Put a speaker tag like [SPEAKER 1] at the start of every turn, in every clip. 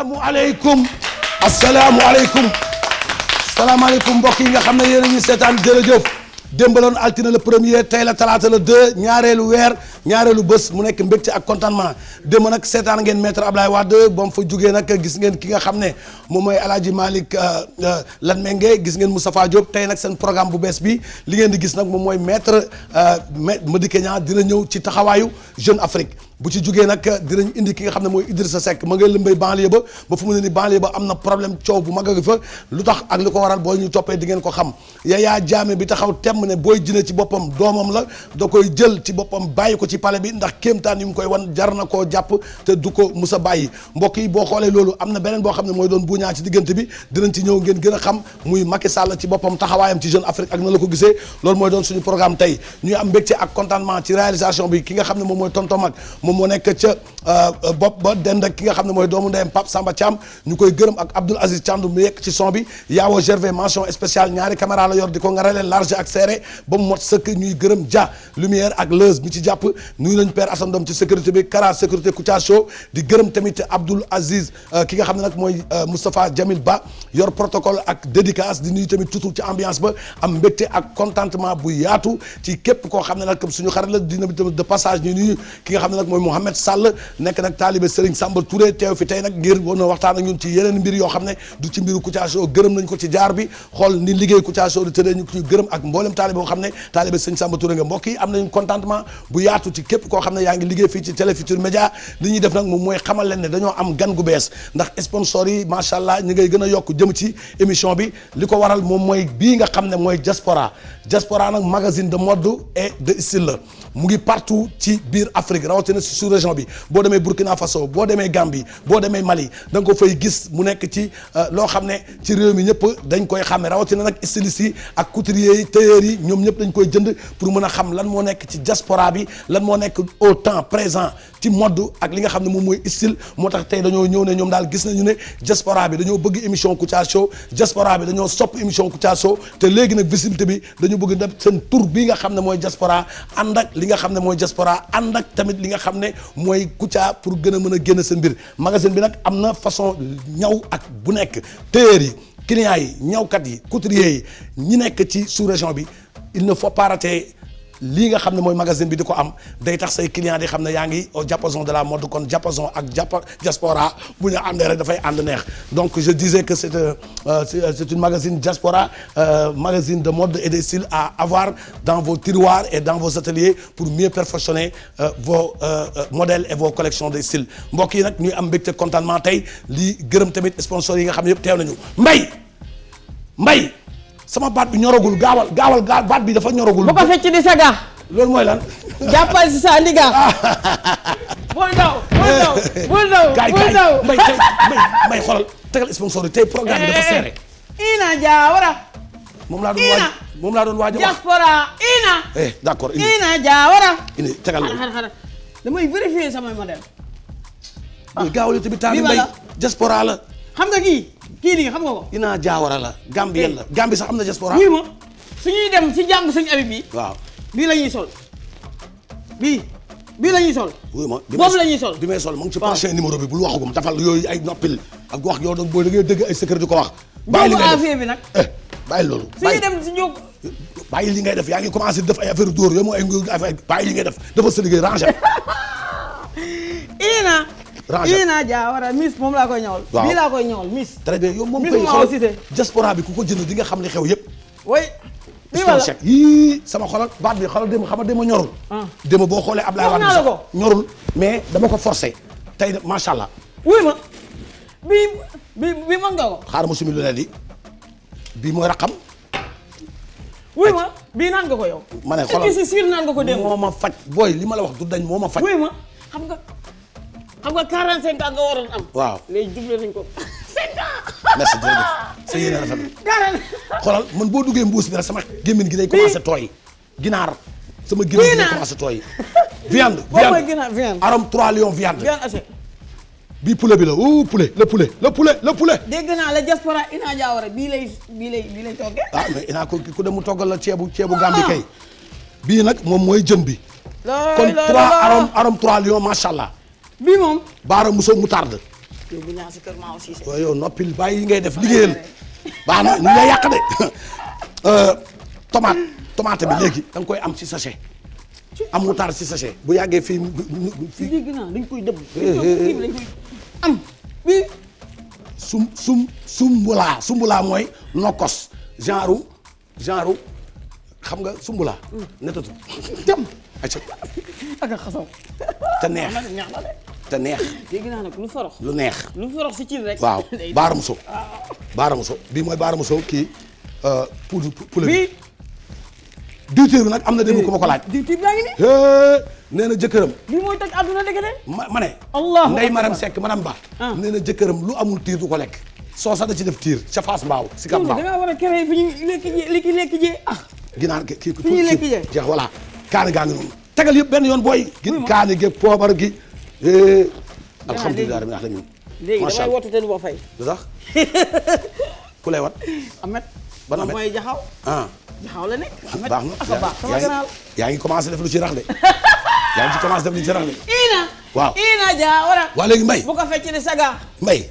[SPEAKER 1] asalaamualeykum asalaamualeykum salaamaaleykum mbokk yi nga xam ne yéen a ñu seetaan jërëjëf démbaloon altine la premier tey la talaata le deux ñaareelu weer ñaareelu bés mu nekk mbégte ak contentement démb nag seetaan ngeen maître Ablaye Wade ba mu fa jugee nag gis ngeen ki nga xam ne moom mooy El Hadj Malick euh, euh, Lan Menge gis ngeen Moustapha Diop tey nag seen programme bu bees bi li ngeen di gis nag moom mooy maître euh, Madické Niang dina ñëw ci taxawaayu Jeune Afrique. bu ci jógee nag dinañ indi ki nga xam ne mooy Idrissa Seck ma ngay lëmbay banlieue ba ba fu mu ne ni banlieue ba am na problème coow bu mag a fa lu tax ak li ko waral boo ñu toppee di ko xam Yaya Jammeh bi taxaw temm ne booy jine ci boppam doomam la da jël ci boppam bàyyi ko ci pale bi ndax kéemtaan yu koy wan jar na koo jàpp te du ko mus a bàyyi mbokk yi boo xoolee loolu am na beneen boo xam ne mooy doon buñaa ci diggante bi dinañ ci ñëw ngeen a xam ci boppam taxawaayam ci Jeune Afrique ak na la ko gisee loolu mooy suñu programme tey ñuy am mbégte ak bi ki nga xam ne moom mooy tonton mag moom moo nekk ca euh, bopp ba dend ak ki nga xam ne mooy doomu ndeyam Pape Samba Thiam ñu koy gërëm ak Abdoul Aziz Thiam mu yekk ci son bi yaawo Gervais mention spéciale ñaari caméra la yor di ko ngarale large ak serré ba mu mot sëkk ñuy gërëm Dia lumière ak leuse mi ci jàpp nuyu nañ père Assane ci sécurité bi Kara sécurité Kouthia Show di gërëm tamit Abdoul Aziz euh, ki nga xam ne nag mooy euh, Moustapha Jamil Ba yor protocole ak dédicace di nuyu tamit tutul ci ambiance bu yaatu ci képp koo xam ne nag Mouhamed Sall nekk nag taalibe Serigne Samba Touré teew fi tey nag ngir woon na waxtaan ak ñun ci yeneen mbir yoo xam ne du ci mbiru Kouthia Show gërëm nañ ko ci jaar bi xool ni liggéey Kouthia Show di tëddee ñu ko gërëm ak mboolem taalibe boo xam ne taalibe Serigne Samba Touré nga mbokk am nañu contentement bu yaatu ci képp koo xam ne yaa ngi liggéey fii ci Télé Futur li ñuy def nag moom mooy xamal leen ne dañoo am gan gu bees ndax sponsor yi macha allah ñi a sous région bi boo demee Burkina Faso boo demee Gambie boo demee Mali da ko fay gis mu nekk ci euh, loo xam ne ci réew mi ñëpp dañ koy xàmme rawatina nag stylistes si ak couturiers yi tailleurs yi ñoom ñëpp dañ koy jënd pour mën a xam lan moo nekk ci jaspora bi lan moo nekk au temps présent ci mode ak li nga xam ne moom mooy style moo tax tey dañoo ñëw ne ñoom daal gis nañu ne diaspora bi dañoo bëgg émission Kouthia Show diaspora bi dañoo sopp émission Kouthia Show léegi nag visibilité bi dañu bëgg def seen tour bi nga xam ne mooy diaspora ànd li nga xam ne mooy diaspora ànd tamit li nga xam xam ne mooy Kouthia pour gën a mën a génn seen mbir magasin bi nag am na façon ñaw ak bu nekk tailleur yi clients yi ñawkat yi couturier yi ñu nekk ci sous région bi il ne faut lii nga xam ne mooy magasin bi di ko am day tax say client di xam ne yaa ngi au diapason de la mode kon diapason ak japa diaspora bu ñu àndee rek dafay ànd neex donc je disais que c'est euh, euh, c'est une magasine diaspora euh, magazine de mode et de style à avoir dans vos tiroirs et dans vos ateliers pour mieux perfectionner vos modèles et vos collection de style mbokk yi nag ñuy am mbégte contentement tey lii gërëm tamit sponsors yi nga xam ne yëpp teew nañu mbay mbay sama baat bi ñoragul gaawal gaawal baat bi dafa ñoragul. bu ko fecc di sa gaa. loolu mooy lan. jàppal si sa ndiga.
[SPEAKER 2] bul daw
[SPEAKER 1] bul daw bul daw tegal sponsor programme bi dafa eh, eh, eh. serré.
[SPEAKER 2] Ina Diawara. moom laa doon waaj moom laa wax diaspora
[SPEAKER 1] Ina. eh d' accord Ina Diawara. Ina tegal loolu
[SPEAKER 2] xanaa xanaa damay vérifier samay modèle.
[SPEAKER 1] ah gaawal tamit taal mbay diaspora xam nga kii. kii nii xam nga ko. dinaa jaawara la Gambie eh. la Gambie sax am na diaspora. wii ma suñuy dem si jàngu sëñ Habib bi. waaw bii la ñuy sol. bii bii la ñuy sol. wuy ma la ñuy sol bi may sol mu ngi ci prochain numéro bi bul waxagum dafal yooyu ay noppil ak wax yow boo da ngay dégg ay secret ko wax. bàyyi li ngay def bi nag. Eh, bàyyi loolu. bàyyi suñuy dem si li ngay def yaa ngi commencé def ay affaire dóor yow mooy ay def dafa sa liggéey rangé. Irina. ii
[SPEAKER 2] naa jaawara miss moom laa koy ñawal bii laa koy ñawal miss
[SPEAKER 1] très bien yow moom koy diaspora bi ku ko jënd di nga xam li xew yëpp way bii yii sama xolal baat bi xolal démb xama déma ñorul ah. déma boo xoolee ab Wade ko ñorul mais dama ko forcé tey macha allah
[SPEAKER 2] wuy ma nga ko
[SPEAKER 1] xaaral ma sumi lu ne di bii mooy raqam
[SPEAKER 2] wuy ma bii naan nga ko yow ma ne xolal naan nga ko démb moo
[SPEAKER 1] ma faj booy li ma la wax du dañ moo ma faj wuy
[SPEAKER 2] ma xam nga xam nga 45 ans nga waroon am. waaw léegi doublé nañ ko. 5 ans. merci jërëjëf sa yéene rafet
[SPEAKER 1] man boo duggee mbuus bi rek sama gémmiñ gi day commencé tooy. ginaar sama gémmiñ gi day commencé tooy. viande viande arom 3 lions viande. viande assez. bi la ouh poulet le poulet le poulet le poulet.
[SPEAKER 2] dégg naa la diaspora Ina Diawara bii bii lay bii ah mais
[SPEAKER 1] Ina ko ku dem mu toggal la ceebu ceebu Gambie kay. Ah. bii nag moom mooy jën bi.
[SPEAKER 2] kon 3 arom arom
[SPEAKER 1] 3 lions macha allah. bii moom. Baara Moussa mu tardé.
[SPEAKER 2] si kër maa aussi. waaw
[SPEAKER 1] noppil bàyyi yi ngay def liggéeyal.
[SPEAKER 2] baax na ñu ngi lay yàq
[SPEAKER 1] de. Euh, bi léegi da koy am si sachet. am mu tar si sachet. bu yàggee fii
[SPEAKER 2] fii. dégg naa dañ koy dëbb. Eh, eh, eh. dañ koy
[SPEAKER 1] am sumbulaa mooy nokkos genre genre xam nga sumbulaa. Mm. netatu acca.
[SPEAKER 2] ak xasaw. te neex te neex. dégg naa nag lu forox. lu neex lu forox si cin rek. waaw baaramuso.
[SPEAKER 1] baaramuso bii mooy baaramuso kii euh, poudre poudre bi. diwtiir bi nag am na démb ku ma ko laaj. diwtiir baa nii. nee na jëkkëram.
[SPEAKER 2] lii mooy toj na dëgg de. ma ma ne.
[SPEAKER 1] allahu ndey maram sekk madame Ba. Ah. nee na jëkkëram lu amul tiir du ko lekk. soo sax da ci def tiir ca Fass Mbaaw. si Kapa Mbaaw da ngaa
[SPEAKER 2] war a créé fi ñuy lekk jee lekk lekk jee ah.
[SPEAKER 1] ginaar kii kii kii jeex voilà. kaani gaa ngi noonu tegal yëpp benn yoon booy gi kaani gi poobar gi eh, alhamdulilah rabbil alamin léegi damay
[SPEAKER 2] woote te du ma fay lu sax ku lay wat amet
[SPEAKER 1] ban amet mooy jaxaw ah
[SPEAKER 2] jaxaw la nekk ah, baax na baax sama ganaal
[SPEAKER 1] yaa ngi commencé def ci rax yaa ngi ci commencé def lu ci rax de
[SPEAKER 2] ina waaw ina jaa wala waa léegi mbay bu ko fecc ni saga mbay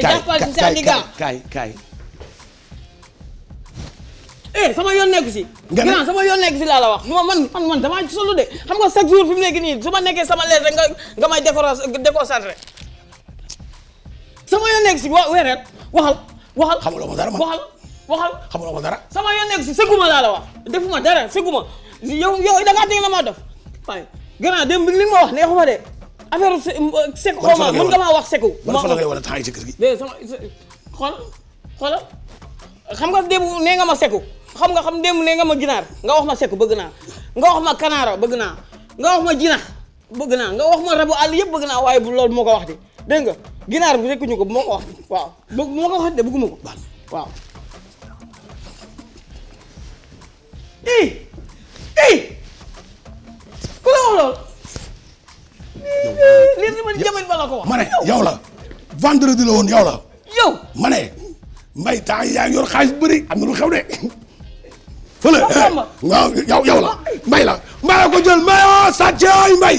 [SPEAKER 2] jàppal
[SPEAKER 1] ci
[SPEAKER 2] Eh, sama yoon nekku si. grand sama yoon nekku si laa la wax ma man man man damaa solo de xam nga chaque jour fi mu nii su ma nekkee sama leer rek nga nga may déconcentré sama yoon si wa weeret waxal waxal. xamuloo dara man waxal waxal. xamuloo ko sama yoon nekk si sëgguma laa la wax defuma dara sëgguma yow yow da ngaa dégg la maa def waaye grand démb li ma wax neexuma de affaire euh, sekk xaw ma mën nga maa wax sekku. ma wax wala temps yi ci kër gi. xool xoolal xam nga démb nee nga ma sekku. xam nga xam démb ne nga ma ginaar nga wax ma sekk bëgg naa nga wax ma kanaara bëgg naa nga wax ma jinax bëgg naa nga wax ma rabu àll yëpp bëgg naa waaye bu loolu moo ko wax de dégg ginaar bu rekkuñu ko ko wax waaw bëgg moo ko wax de bëgguma ko waaw ey ey ku la wax loolu li li ma jaman ba la ko wax
[SPEAKER 1] ma ne yow la vendredi la woon yow la yow ma ne mbay yaa yor xaalis bëri am na lu xew de fële waaw yow yow la mbay la mbay la ko jël mbayoo sàcc ay mbay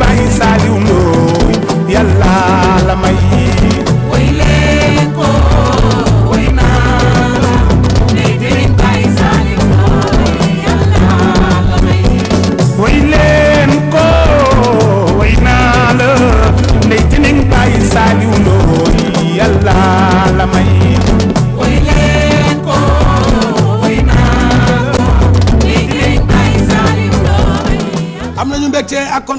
[SPEAKER 1] bàyyi Saliou Ndoye yàlla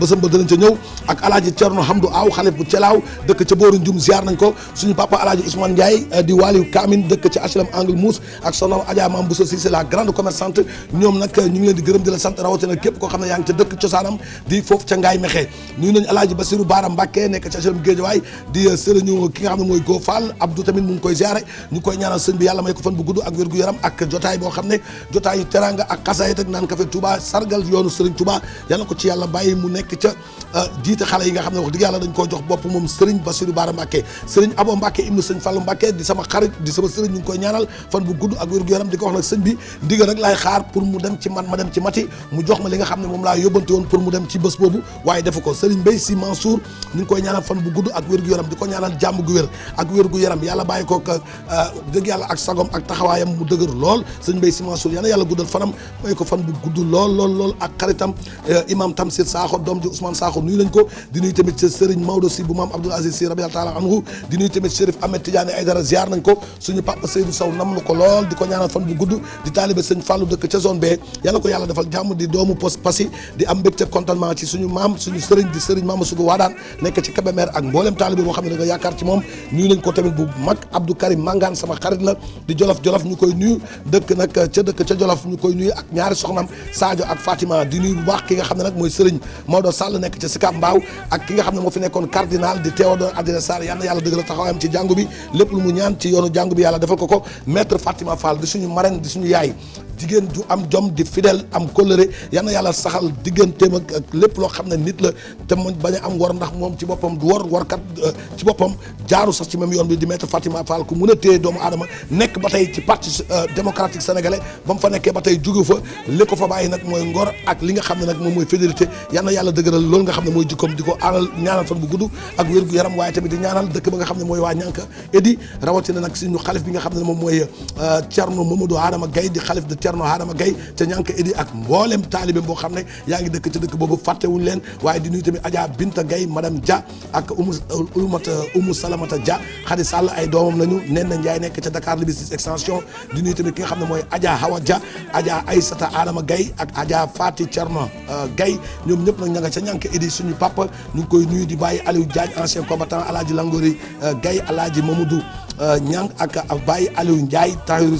[SPEAKER 1] bésam ba danañ ca ñëw ak alaaji Cerno Hamdu Aw xalif bu Celaaw dëkk ca booru Njum ziar nañ ko suñu papa alaaji Ousmane Ndiaye eh, di waaliyu Kaamin dëkk ci HLM Angle Mousse ak soxnaam Adja Mam Bousso Cissé la grande commerçante ñoom nag eh, ñu ngi leen di gërëm di la sant rawatina képp koo xam ne yaa ngi ca dëkk cosaanam di foofu ca Ngaay Mexe nuyu nañ alaaji Basiru Baara Mbàkke nekk ci HLM Géejawaay di eh, sëriñu ki nga xam ne mooy Go Fall Abdou tamit mu ngi koy ziare ñu ko fan bu gudd ak wér-gu-yaram ak jotaay boo xam ne jotaayu teranga ak xasaayit ak yoonu sëriñ Touba ko ci yàlla bàyyi mu nekk nekk ca ah, xale yi nga xam ne wax dëgg yàlla dañ koo jox bopp moom Serigne Bassirou Bara Mbacké Serigne Abo Mbacké ibnu Serigne Fallou fan bu gudd ak wér-gu-yaram di ko wax nag sëñ bi ndigal ma dem ci mati jox ma li nga xam moom laa yóbbante woon pour mu dem ci ko Serigne Mbaye Sy Mansour ñu ngi koy ñaanal fan ak wér gu jàmm gu wér ak wér-gu-yaram yàlla bàyyi ko ah, dëgg yàlla ak sagom ak taxawaayam mu dëgër lool Serigne Mbaye Sy Mansour yàlla yàlla guddal fanam bàyyi ko fan bu gudd lool lool lool ak xaritam eh, imam Tamsir Sakho doom doom ji Ousmane Sakho nuyu nañ ko di nuyu tamit Serigne Maodo Sy bu maam Abdoul Aziz Sy rabiyallahu taala anhu di nuyu tamit Chérif Ahmed Tidiane Aïdara jolof jolof ñu koy nuyu dëkk nag ca dëkk ca jolof ñu koy nuyu ak ñaari soxnam Sadio ak Fatima di nuyu bu baax ki nga xam ne nag mooy Serigne Maodo Thierno Sall nekk ci Sicap Mbao ak ki nga xam ne moo fi nekkoon cardinal di Théodore Adrien Sarr yal na yàlla dëggal taxawaayam ci jàngu bi lépp lu mu ñaan ci yoonu jàngu bi yàlla defal ko ko maître Fatima Fall di suñu marraine di suñu yaay jigéen ju am jom di fidèle am coloré yal yàlla saxal digganteem ak lépp loo xam ne nit la te mu bañ a am wor ndax moom ci boppam du wor warkat euh, ci boppam jaaru sax ci même yoon bi di maître Fatima Fall ku mun a téye doomu ba tey ci parti euh, démocratique sénégalais ba mu fa nekkee ba tey jugu fa li ko fa bàyyi li nga xam ne nag mooy fidélité dëgëral loolu nga xam ne mooy jikkoom di ko aaral ñaanal fan bu tamit di bi nga xam ne moom mooy euh, Thierno Mamadou Adama Gaye di xalif de Thierno Adama Gaye ca ñànka edi ak mboolem xam ne yaa ngi dëkk ca dëkk boobu fàttewuñ leen waaye di nuyu tamit Adja Binta Gaye madame Dia ak umu umata umu salamata Dia Khady Sall ay doomam lañu nen na Ndiaye nekk ca Dakar Liberté 6 extension di nuyu tamit ki nga xam ne mooy Adja Hawa Dia Adja Aysata Adama Gaye ak Adja Fati Thierno euh, Gaye ñoom ñëpp nag ña nga ca ñànk idi suñu papa ñu ngi koy nuyu di bàyyi Aliou Diagne ancien combattant alaaji Langori euh, Gaye alaaji Mamadou euh, ñang ak bàyyi Aliou Ndiaye Tahirou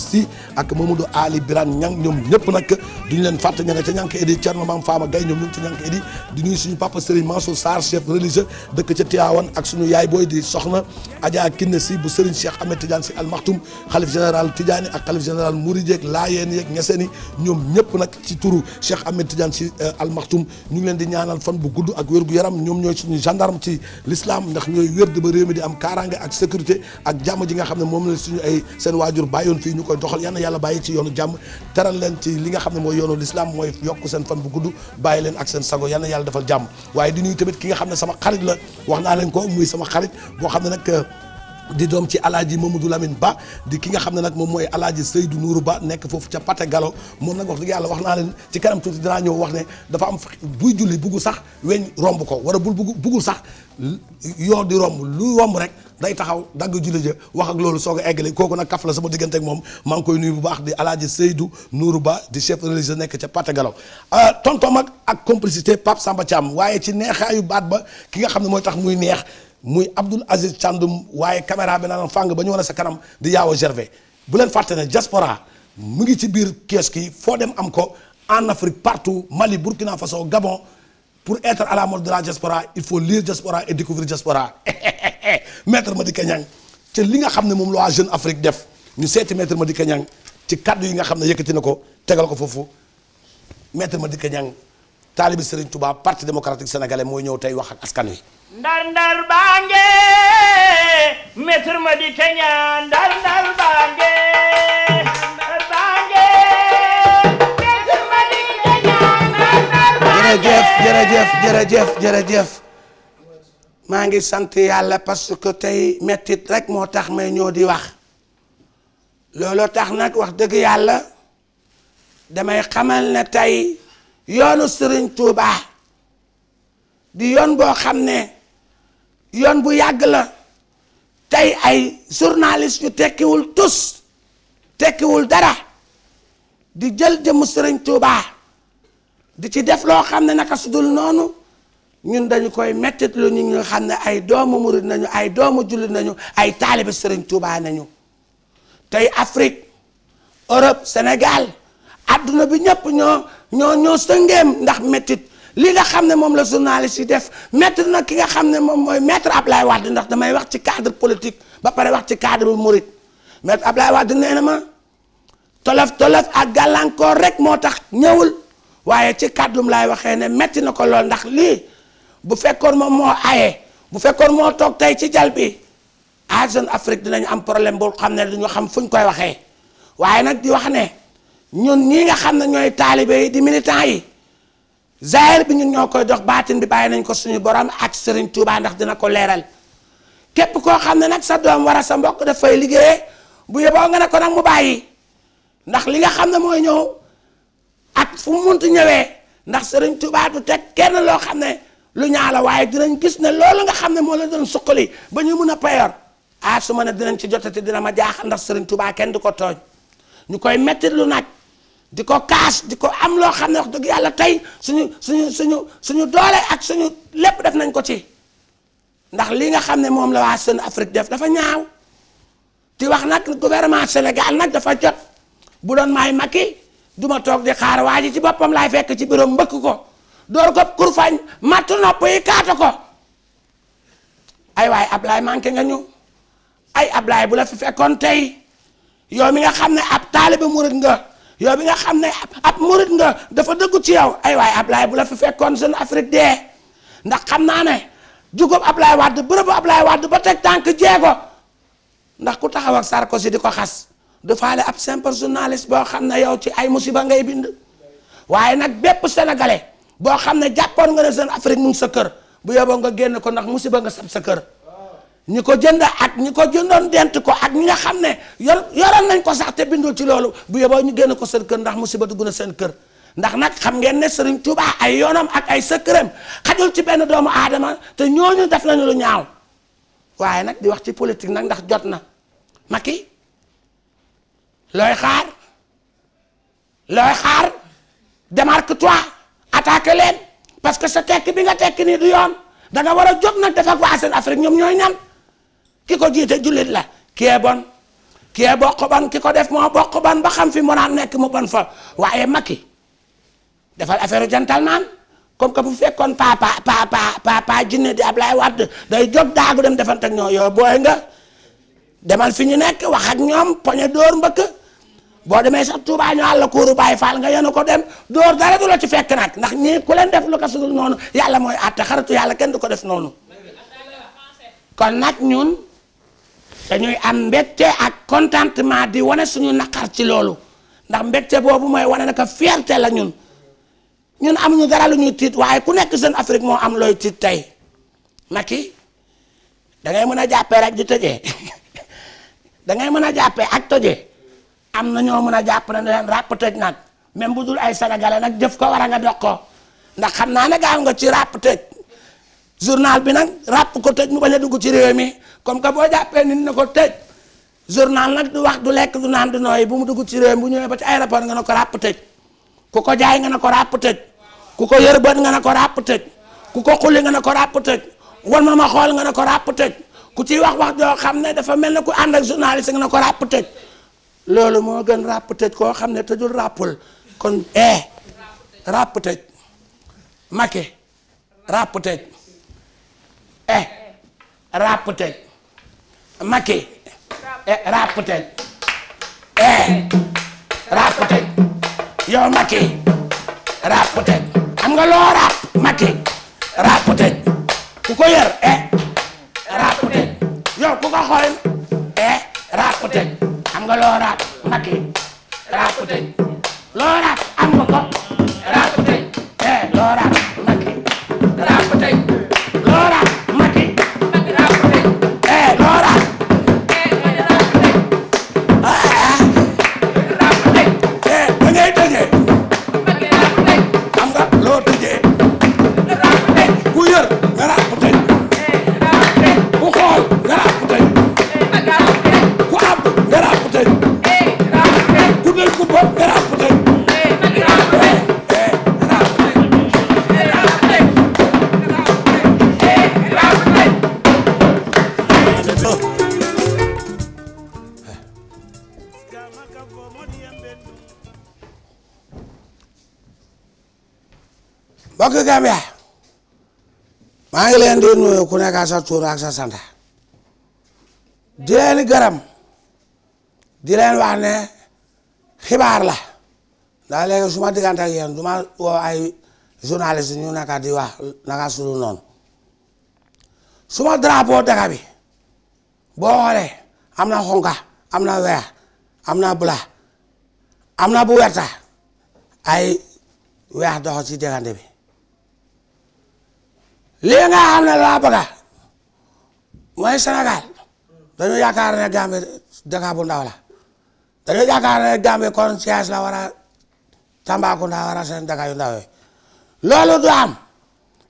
[SPEAKER 1] ak Mamadou Ali Birane ñang ñoom ñëpp nag ña nga ca ñànk idi Thierno Mame Fama Gaye ñoom ñu ngi ca ñànk idi di nuyu suñu papa Serigne Mansour Sarr chef religieux dëkk ca Tivaouane ak suñu yaay booy di soxna Adja Kiné Sy bu Serigne Cheikh ci turu Cheikh Ahmed Tidiane Sy euh, Al Maktoum ñu leen di ñaan ñaanal fan bu gudd ak wér gu yaram ñoom ñooy suñu gendarme ci l'islam ndax ñooy wér di ba réew mi am kaaraange ak sécurité ak jàmm ji nga xam ne moom la suñu ay seen waajur bàyyoon fii ñu koy doxal yal yàlla bàyyi ci yoonu jàmm teral leen ci li nga xam ne mooy yoonu l'islam mooy yokk seen fan bu gudd bàyyi leen ak seen sago yal na yàlla defal jàmm waaye di nuyu tamit ki nga xam ne sama xarit la wax naa leen ko muy sama xarit boo xam ne nag di doom ci alaaji Mamadou Lamine Ba di ki nga xam ne nag moom mooy alaaji Seydou Nourou Ba nekk foofu ca Pate Gallo moom nag wax dëgg yàlla wax naa leen ci kanam tuuti dinaa ñëw wax ne dafa am buy julli buggu sax weñ romb ko wala bul bugg buggul sax yoo di romb lu romb rek day taxaw dagg julli ja wax ak loolu soog a kooku nag kaf sama diggante moom maa ngi koy nuyu bu baax di alaaji Seydou Nourou Ba di chef nekk ca Pate Gallo euh, tontom ak ak complicité Pape Samba Thiam waaye ci neexaayu baat ba ki nga xam ne mooy tax muy neex muy Abdoul Aziz Thiandoum waaye caméra bi naan fàng ba ñu wane sa kanam di yaaw a gervé bu leen fàtte ne jaspora mu ngi ci biir kiosque ki foo dem am ko en Afrique partout Mali Burkina Faso Gabon pour être à la mode de la diaspora il faut lire diaspora et découvrir diaspora maître Madické Niang ci li nga xam ne moom la waa Jeune Afrique def ñu seeti maître Madické Niang ci kaddu yi nga xam ne yëkkati ne ko tegal ko foofu maître Madické Niang taalibi Serigne tubaab parti démocratique sénégalais mooy ñëw tey wax ak askan wi.
[SPEAKER 2] ndar ndar baa nge maître Madické Niang ndar ndar baa nge
[SPEAKER 1] jërëjëf jërëjëf jërëjëf jërëjëf maa ngi sant yàlla parce que tey mettit rek moo tax may ñoo di wax looloo tax nag wax dëgg yàlla damay xamal ne tey yoonu Serigne Touba di yoon boo xam ne yoon bu yàgg la tey ay journaliste yu tekkiwul tus tekkiwul dara di jël jëmu Serigne Touba di ci def loo xam ne naka su dul noonu ñun dañu koy mettit lu ñu nga xam ne ay doomu murid nañu ay doomu jullit nañu ay taalibi Serigne Touba nañu tey Afrique Europe Sénégal adduna bi ñëpp ñoo. ñoo ñoo sëngeem ndax méttit lii nga xam ne moom la journaliste yi def mettre nag ki nga xam ne moom mooy maître Ablaye Wade ndax damay wax ci cadre politique ba pare wax ci cadre murit maître Ablaye Wade nee na ma tolof tolof ak gàllankoor rek moo tax ñëwul waaye ci kàddum laay waxee ne metti na ko lool ndax lii bu fekkoon moom moo aye bu fekkoon moo toog tey ci jal bi à ah, Jeune Afrique dinañ am problème boo xam ne duñu xam fuñ koy waxee waaye nag di wax ne ñun ñii nga xam ne ñooy taalibe yi di militant yi zahir bi ñun ñoo koy dox baatin bi bàyyi nañ ko suñu borom ak sëriñ tuubaa ndax dina ko leeral képp koo xam ne nag sa doom war a sa mbokk dafay liggéeyee bu yeboo nga ne ko nag mu bàyyi ndax li nga xam ne mooy ñëw ak fu mu ñëwee ndax Serigne Touba du teg kenn loo xam ne lu ñaa la waaye dinañ gis ne loolu nga xam ne moo la doon suqali ba ñu mun a payoor ah su ne dinañ ci te dina ma jaaxal ndax Serigne Touba kenn du ko tooñ ñu koy mettit lu nag. di ko kaas di ko am loo xam ne wax dëgg yàlla tey suñu suñu suñu suñu doole ak suñu lépp def nañ ko ci ndax li nga xam ne moom la waa sën Afrique def dafa ñaaw di wax nag gouvernement Sénégal nag dafa jot bu doon maay Macky du ma toog di xaar waa ji ci boppam laay fekk ci bureau mbëkk ko door ko kurfañ matt nopp yi kaata ko ay waay Ablaye manqué nga ñu ay Ablaye bu la fi fekkoon tey yow mi nga xam ne ab taalibe murit nga yow bi nga xam ne ab murit nga dafa dëggu ci yow ay waay Ablaye bu la fi fekkoon Jeune Afrique dee ndax xam naa ne jugub Ablaye Wade bërëbu Ablaye Wade ba teg tànk jeego ndax ku taxaw ak Sarkozy di ko xas dafaale ab simple journaliste boo xam ne yow ci ay musiba ngay bind waaye nag bépp sénégalais boo xam ne jàppoon nga ne Jeune Afrique mu ngi sa kër bu yóbboo nga génn ko ndax musiba nga sab sa kër ñi ko jënd ak ñi ko jëndoon dent ko ak ñi nga xam ne yor yoroon nañ ko sax te bindul ci loolu bu yeboo ñu génn ko seen kër ndax musiba dugg na seen kër ndax nag xam ngeen ne Serigne Touba ay yoonam ak ay sëkkëram xajul ci benn doomu aadama te ñooñu def nañu lu ñaaw waaye nag di wax ci politique nag ndax jot na Macky looy xaar looy xaar démarque-toi attaque leen parce que sa tekk bi nga tekk nii du yoon da nga war a jóg nag def ak waa seen Afrique ñoom ñooy ñan ki ko jiite jullit la kee bon kee bokk ban ki ko def moo bokk ban ba xam fi mu naan nekk mu bon fa waaye Macky defal affaire gentleman comme que bu fekkoon pa pa pa pa pa jinne di Ablaye Wade day jóg daagu dem defante ak ñoom yow booy nga demal fi ñu nekk wax ak ñoom poñe dóor mbëkk boo demee sax Touba ñu àll kuuru Baye Fall nga yenu ko dem dóor dara du la ci fekk nag ndax ñii ku leen def lu ko sudul noonu yàlla mooy àtte xaritu yàlla kenn du ko def noonu kon nag ñun. dañuy am mbégte ak contentement di wane suñu naqar ci loolu ndax mbégte boobu mooy wane naka fierté la ñun ñun amuñu ñu lu ñuy tiit waaye ku nekk seen Afrique moo am looy tiit tey Macky da ngay mën a jàppee rek di tëjee da ngay mën a jàppee ak tëjee am na ñoo mën a jàpp ne leen ràpp tëj nag même bu dul ay sénégalais nag jëf ko war a nga dox ko ndax xam naa ne gaaw nga ci ràpp tëj journal bi nag ràpp ko tëj mu bañ a dugg ci réew mi comme que boo jàppee nit na ko tëj journal nag du wax du lekk du naan du nooyi bu mu dugg ci réew mi bu ñëwee ba ci aéroport nga ne ko ràpp tëj ku ko jaay nga na ko ràpp tëj ku ko yër bët nga na ko ràpp tëj ku ko xulli nga ne ko ràpp tëj wan ma ma xool nga ne ko ràpp ku ciy wax wax joo xam ne dafa mel ne ku ànd ak journaliste nga ne ko ràpp tëj loolu moo gën ràpp tëj koo xam ne tëjul ràppul kon eh ràpp tëj make ràpp tëj eh rap tëj Macky eh rap eh, yow Macky rap tëj xam nga loo rap Macky rap ku ko yër eh rap yow ku ko xool eh rap tëj xam nga loo rap Macky rap loo rap am nga ko Gambia maa ngi leen di nuyu ku nekk sa tur ak sa sant di leen gërëm wax ne xibaar la ndax léegi su ma diggante ak yéen ay journaliste ñu nekk di wax naka sulu noonu su ma drapeau bi boo xoolee am na xonka am na weex am na bula am na bu werta ay weex dox ci diggante bi lii nga xam ne laa bëgg mooy Sénégal dañu yaakaar ne Gambie dëkk bu ndaw la dañu yaakaar ne Gambie conscience la war a Tambacounda war a seen dëkk yu ndaw yi loolu du am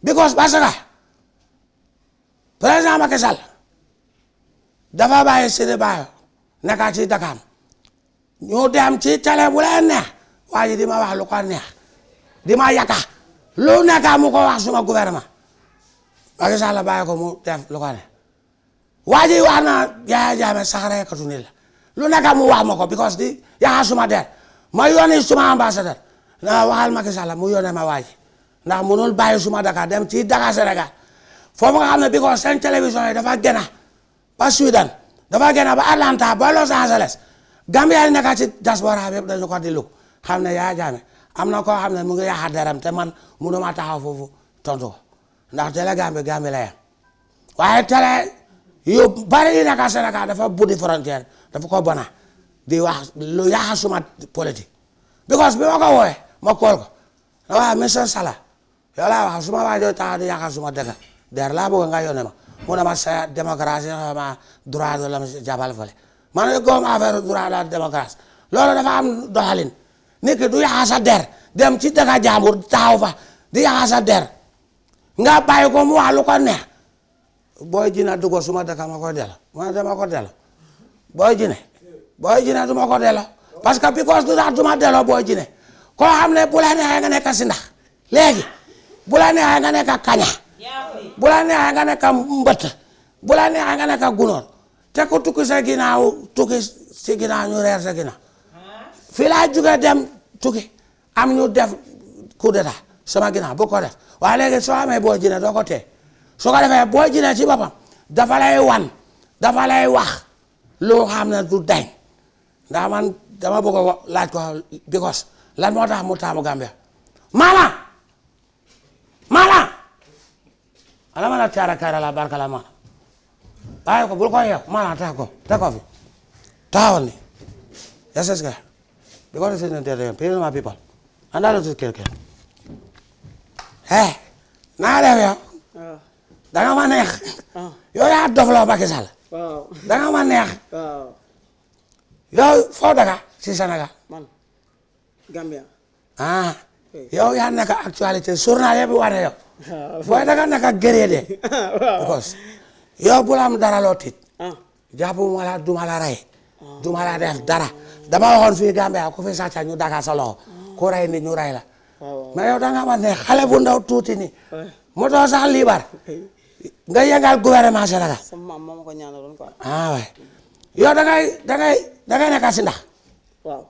[SPEAKER 1] because parce que président Macky Sall dafa bàyyi Sidi Bayo nekk ci dëkkam ñu dem ci télé bu leen neex waa di ma wax lu ko neex di ma yàq lu nekk mu ko wax suma gouvernement. Macky Sall bàyyi ko mu def lu ko ne waa wax na Yaya Jammeh saxare katu nit la lu nekk mu wax ma ko because di yaxa suma der ma yónni suma ambassadeur na waxal Macky mu yónnee ma waa ndax munul bàyyi suma Dakar dem ci Dakar Sénégal foofu nga xam ne because seen télévision yi dafa gën a ba Sudan dafa gën a ba Atlanta ba Los Angeles Gambia yi nekk ci bi dañu ko di lu xam ne Yaya Jammeh am na koo xam ne mu ngi yaxa deram te ndax télé Gambie Gambie la waaye télé yu bari yu nekk Sénégal dafa buddi frontière dafa ko bona di wax suma politique because bi ma ko ma kool ko da waa monsieur Sala yow laa wax suma waa jooju tax di yàq suma dëkk der laa bëgg nga yónnee ma mu ne ma sa démocratie ma droit de l'homme jàppal fële ma ne goom affaire droit de la loolu dafa am doxalin nit du yàq sa der dem ci dëkk jàmbur taxaw fa di yàq sa der nga bàyyi ko mu wax lu ko neex booy jina dugg suma daka ma ko ko delloo booy jine booy jine du ko delloo parce que because du tax du ma delloo booy jine koo xam ne bu la neexee nga nekk si ndax léegi bu la neexee nga nekk kaña bu la neexee nga nekk mbët bu la neexee nga nekk gunóor te ku tukki sa ginnaaw tukki si ginnaaw ñu reer sa ginnaaw fii laa jugee dem tukki am ñu def coup d'état sama ginnaaw bu ko def waaye léegi soo amee booy jinne doo ko tee su ko defee booy jinne ci boppam dafa lay wan dafa lay wax lu xam ne du dañ ndax man dama bëgg laaj ko because lan moo tax mu taamu Gambia maala maala ala ma la caara kaara la barka la maala bàyyi ko bul ko yeew maala tax ko teg ko fi taxawal ni yes yes because it's in the people and that is eh naa def yow. Ah. da nga ah. yow yaa dofloo Macky Sall.
[SPEAKER 2] waaw da nga
[SPEAKER 1] yow foo daga si Sénégal. Ah.
[SPEAKER 2] yow yaa nekk actualité journal yëpp war na yow. waaw da nga nekk gëree de.
[SPEAKER 1] yow bu la dara loo tiit. jàpp ma duma la rey. duma la def dara. dama waxoon fii Gambia ku fi sàcca ñu daga sa loxo. ku rey nit ñu rey la. Oh. ma yow da nga ma ne xale bu ndaw tuuti nii. mu doon sax liibar nga yëngal gouvernement Sénégal. sama maam moo ma ko ñaanaloon quoi. ah yow da ngay da ngay da ngay nekk si ndax. waaw.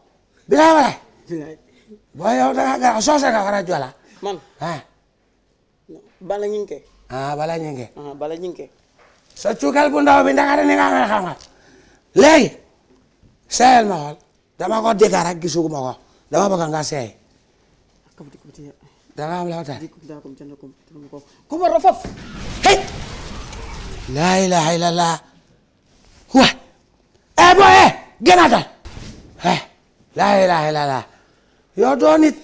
[SPEAKER 1] bi lay
[SPEAKER 2] bala ñu ngi ah bala ñu ah, sa cuukal bu ndaw bi ndaka ni nga amee xam-xam.
[SPEAKER 1] léegi ma xool dama ko dégg rek gisu ma ko dama bëgg nga seey.
[SPEAKER 2] computi daga wulata kuma rofof hey
[SPEAKER 1] la ilaha illallah
[SPEAKER 2] wa eh boye eh, genata eh la ilaha illallah
[SPEAKER 1] yow doo nit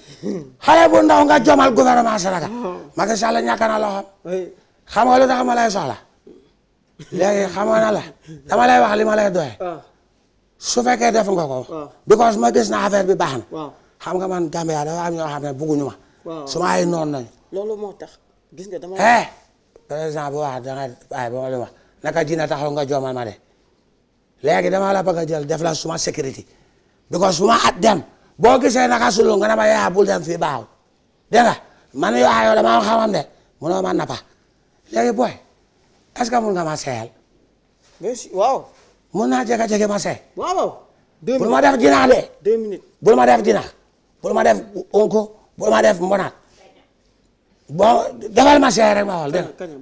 [SPEAKER 1] xale bu ndaw nga jomal gouvernement Sénégal oh. Macky Sall ñàkk na loxo xam nga lu tax ma lay soxla léegi xamoon na la
[SPEAKER 2] dama lay wax li ma lay doye ah.
[SPEAKER 1] su fekkee def nga ah. because ma gis na affaire bi baax na xam nga man Gambia dafa am xam ne bëgguñu ma.
[SPEAKER 2] waaw su loolu moo tax gis nga dama. Eh,
[SPEAKER 1] président bu taxaw nga joomal ma la bëgg a jël def la suma sécurité because suma dem boo gisee naka sulu nga ne ma yaa bul dem fii baaw dégg man yoo xam ne xamam de munoo ma nappa léegi ma seeyal. mun naa jékki-jékki ma seey.
[SPEAKER 2] bul ma def dinaa de. bul ma def dinaa.
[SPEAKER 1] bul ma def onko bul ma def mbonaat bon ma seey ma xool dégg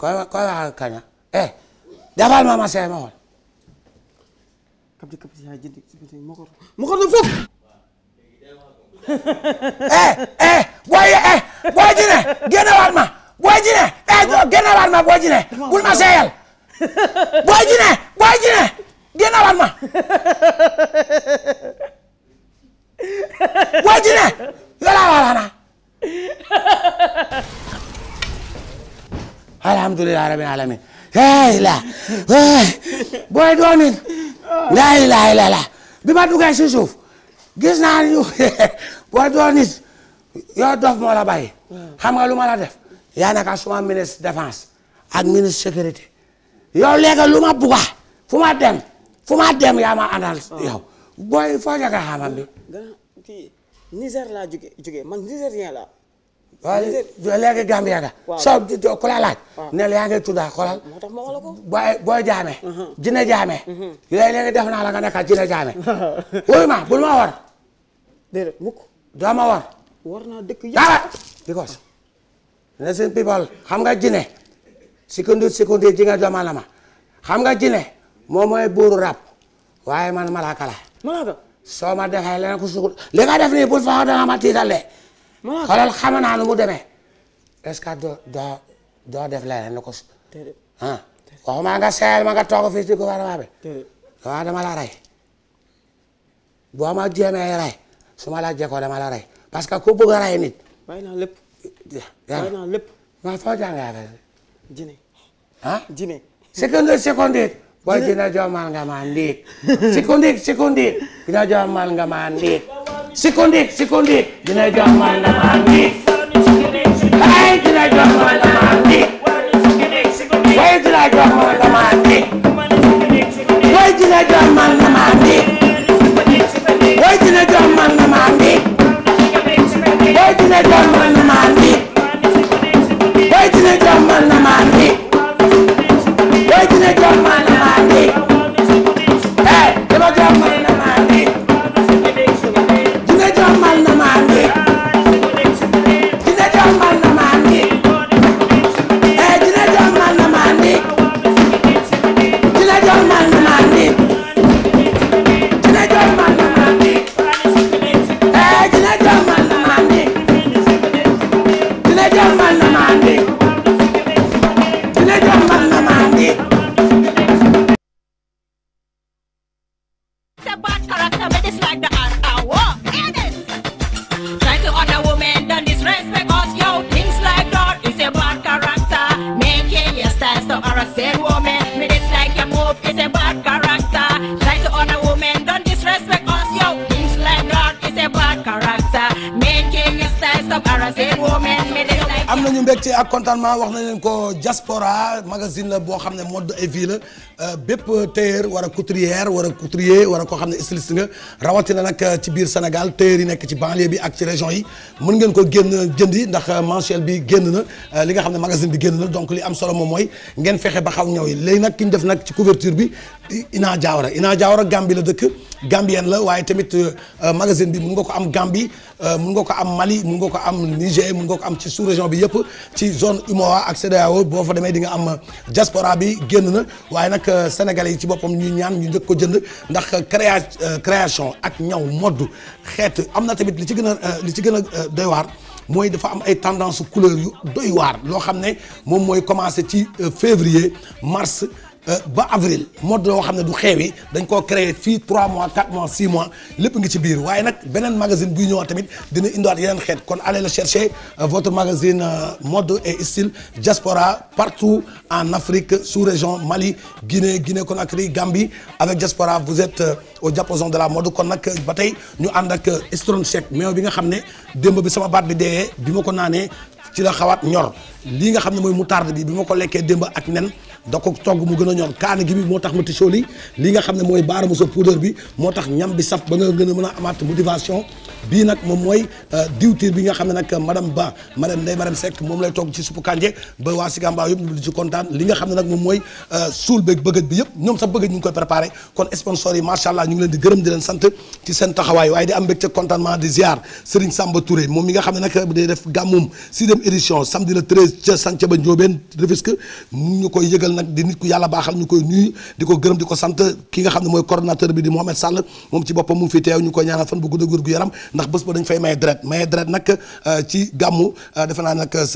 [SPEAKER 1] nga koy kaña eh
[SPEAKER 2] defal ma ma seey ma xool. mu xool eh, eh, booy eh booy jine génnewaat ma booy jine eh génnewaat ma booy jine bul ma seeyal booy jine booy jine génnewaat ma. waa ji ne lala walana
[SPEAKER 1] alhamdulilah rabbil alamin booy doonin
[SPEAKER 2] laa
[SPEAKER 1] bi ma duggee si suuf gis naa ñu booy doonin yoo dof moo la bàyyi xam nga lu ma la def yaa naka suma ministre défense ak ministre sécurité yow léegi lu ma bugga dem fu dem yaa ma àndal yow booy foo jege xamam
[SPEAKER 2] grand kii Niger laa jóge jóge man Nigerien laa.
[SPEAKER 1] waaw nga. waaw yaa ngi tudd xoolal. booy jaame. Uh-huh. jina jaame. Uh-huh. yooyu léegi def naa la nga jaame. wuy ma bul ma war. déedéet because ne seen people xam nga jine. seconde seconde ji nga jomal na ma. xam buuru rap waaye man malaaka soo ma defee leneen ku sugul li nga def nii bul fa xaw danga ma tiital de. xoolal nu mu demee. est-ce doo doo doo def leneen lu ko. ah waxuma nga seeyal ma nga toog fii
[SPEAKER 2] ci gouvernement bi.
[SPEAKER 1] waaw dama la rey. boo ma jéemee rey su ma la jékkoon dama la rey parce que ku bëgg a rey nit.
[SPEAKER 2] bàyyi foo jàngee affaire bi. Djiné.
[SPEAKER 1] Ah? seconde seconde. boy dina joomal nga nga ma ndéeg sikondik sikondik dina nga ma ndéeg ay dina joomal nga ma mbégte ak contentement wax na leen ko Diaspora magasin la boo xam ne mode et vie la euh, bépp tailleur wara a wara coutrier wara couturier koo xam ne styliste nga rawatina nag euh, ci biir Sénégal tailleur yi nekk ci banlieue bi ak ci région yi mën ngeen ko génn jëndi ndax euh, manchel bi génn na li nga xam ne magasin bi génn na donc li am solo moom mooy ngeen fexe ba xaw ñëw yi léegi nag ki ñu def nag ci couverture bi Ina Diawara Ina Diawara Gambie la dëkk Gambienne la waaye tamit magazine bi mën nga ko am Gambie Euh, mun nga ko am Mali mun nga ko am Niger mun ngoo ko am ci sous région bi yëpp ci zone UMOA ak CEDEAO boo fa demee di nga am diaspora bi génn na waaye nag euh, sénégalais yi ci boppam ñu ñaan ñu njëkk ko jënd ndax euh, créa création ak ñaw modd xeet am na tamit li ci gën a li ci gën a doy waar mooy dafa am ay tendance couleur yu doy waar loo xam ne moom mooy commencé ci février mars Euh, ba avril mode yoo xam ne du xeewi dañ koo créer fii 3 mois 4 mois 6 mois lépp ngi ci biir waaye nag beneen magazine buy ñëwaat tamit dina indiwaat yeneen xeet kon allez le chercher euh, votre magazine euh, mode et style diaspora partout en Afrique sous-région Mali Guinée Guinée Conakry Gambie avec jaspora vous êtes au diapason de la mode kon nag ba tey ñu ànd ak Strong Check meew bi nga xam ne démb bi sama baat bi deewee bi ma ko naanee ci la xawaat ñor lii nga xam ne mooy moutarde bi bi ma ko lekkee démb ak nen da ko togg mu gën a ñor kaani gi bi moo tax ma tisooli lii nga xam ne mooy baaramusa poudre bi moo tax ñam bi saf ba nga gën a mën a amaat moom mooy euh, diwtiir nga xam ne nag madame Ba madame Ndeye madame Seck ci suppu kanje ba waa Sikamba yëpp di nga xam ne moom mooy euh, suul beeg bëggëj bi yëpp ñoom sax bëggëj ñu ngi koy préparé kon sponsors yi macha allah ñu leen di gërëm di leen sant ci seen taxawaay waaye di am mbégte contentement di ziar Serigne Samba Touré moom mi nga xam ne nag day def gàmmum sixième édition samedi le ca sanca ba njóobeen Rufisque ñu koy yëgal nag di nit ku yàlla baaxal ñu koy nuyu di ko gërëm di ko sant ki nga xam ne mooy coordonnateur bi di Mohamed Sall moom ci boppam mu ngi fi teew ñu koy ñaanal fan bu gudd ak wér gu yaram ndax bés ba dañ fay maye deret maye deret nag euh, ci gàmmu euh, defe naa nag euh,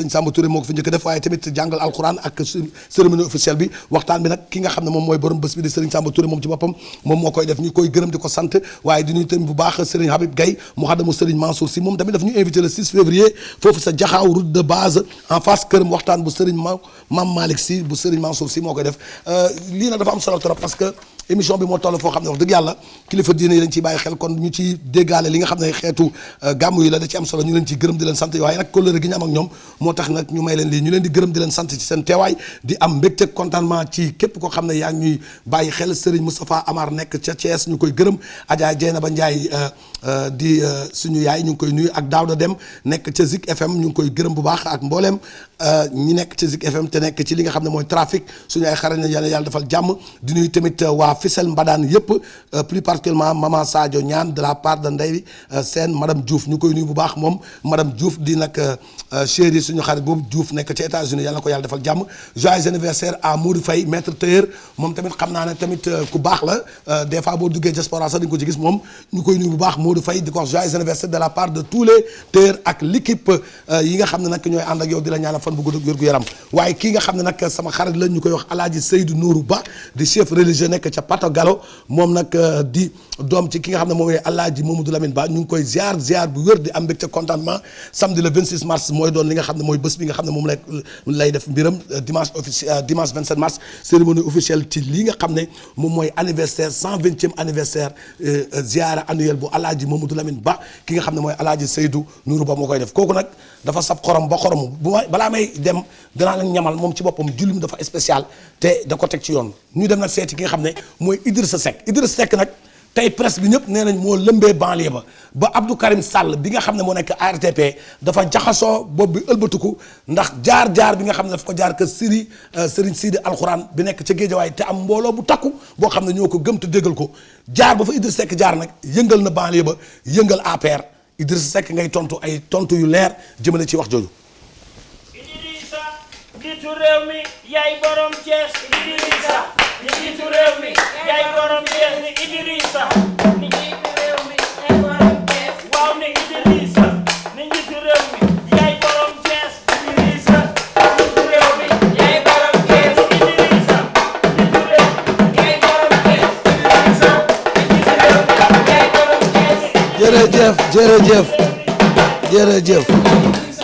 [SPEAKER 1] waxtaan bi nag ki nga xam ne moom mooy borom bés bi di sëriñ Samba Touré moom ci boppam moo koy def ñu koy gërëm di ko sant waaye di tamit bu baax sëriñ Habib Gaye mu xadamu sëriñ Mansour si moom tamit daf ñu invité le février foofu sa jaxaaw route de base en face këram waxtaan bu sëriñ ma maam Malick si bu sëriñ Mansour si moo ko def euh, lii nag dafa am solo trop parce que émission bi moo toll foo xam ne wax dëgg yàlla kilifa diine yi lañ ciy bàyyi kon ñu ci déggaale li nga xam ne xeetu euh, gàmm la da ci am solo ñu leen ci gërëm di leen sant waaye nag kóllëre gi ñu am ak ñoom moo tax nag ñu may leen lii ñu leen di gërëm di leen sant ci seen teewaay di am mbégte contentement ci képp koo xam ne yaa ngi ñuy bàyyi xel sëriñ Moustapha amaar nekk ca Thiès ñu koy gërëm Adja Dieynaba Ndiaye euh, Euh, di euh, suñu yaay ñu ngi koy nuyu ak Daouda Dem nekk ca Zik FM ñu ngi koy gërëm bu baax ak mbooleem euh, ñi nekk ca Zik FM te nekk ci li nga xam ne mooy trafic suñu ay xarañ yàlla yàlla defal jàmm di nuyu tamit waa Fisel Mbadaan yëpp plus particulièrement maman Sadio Niane de la part de Ndeye Sène madame Diouf ñu koy nuyu bu baax moom madame Diouf di nag chéri suñu xarit boobu Diouf nekk ca États-Unis yàlla na ko yàlla defal jàmm joyeux anniversaire à Mourou Faye maître moom tamit xam naa ne tamit ku baax la des fois boo duggee diaspora sax dañ ko ci gis moom ñu koy nuyu bu baax Modou Faye di ko wax joyeux anniversaire de la part de tous les terres ak l'équipe euh, yi nga xam ne nag ñooy ànd ak yow di la ñaanal fan bu gudd gu yaram waaye kii nga xam ne nag sama xarit la koy wax alaaji Seydou Nourou Ba di chef religieux nekk ca Pato moom nag euh, di doom ci ki nga xam ne moom alaaji Mamadou Lamine Ba ñu ngi koy ziar ziar bu wér di am mbégte contentement samedi le mars mooy doon li nga xam ne mooy bés bi nga xam ne moom lay def mbiram euh, dimanche officiel dimanche moom alaaji Mamadou Lamine Ba ki nga xam ne mooy alaaji Seydou Nourou Ba moo koy def kooku nag dafa sab xorom ba xorom bu balaa may dem danaa leen ñamal moom ci boppam jullim dafa spécial te da ko teg ci yoon ñu dem nag seeti ki nga xam ne mooy Idrissa Seck Idrissa Seck nag tey presque bi ñëpp nee nañ moo lëmbee banlieue ba ba Abdou Karim Sall bi nga xam ne moo nekk ARTP dafa jaxasoo bopp bi ëlbatuku ndax jaar-jaar bi nga xam ne daf ko jaar que Siri euh, Serigne Sidi Alxuraan bi nekk ci Géejawaay te am mbooloo bu takku boo xam ne ñoo ko gëm te déggal ko jaar ba fa Idriss Seck jaar nag yëngal na banlieue ba yëngal APR Idriss Seck ngay tontu ay tontu yu leer jëmale ci wax jooju. njiitu réew mi yaay borom Cees Idrissa njiitu réew mi yaay borom Cees ni Idrissa ni njiitu réew mi yaay borom Cees waaw ni Idrissa
[SPEAKER 2] ni njiitu réew mi yaay borom Cees Idrissa njiitu réew mi yaay borom Cees Idrissa njiitu réew mi yaay borom Cees Idrissa njiitu réew mi yaay borom Cees jërëjëf jërëjëf
[SPEAKER 1] jërëjëf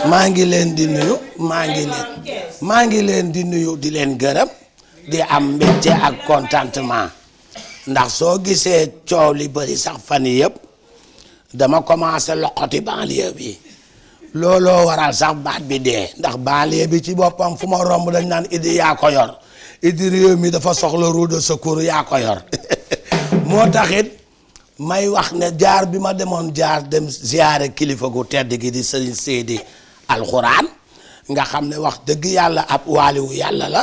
[SPEAKER 1] maa ngi leen di nuyu maa ngi leen maa ngi leen di nuyu di leen gërëm di am mbégte ak contentement ndax soo gisee coow li bëri sax fan yii yëpp dama commencé loqati banlieue bi looloo waral sax baat bi dee ndax banlieue bi ci boppam fu ma romb dañ naan Idi yaa ko yor Idi réew mi dafa soxla roue de secours yaa ko yor moo taxit may wax ne jaar bi ma demoon jaar dem ziyaare kilifa gu tedd gi di Serigne Seydi alxuraan nga xam ne wax dëgg yàlla ab waaliwu yàlla la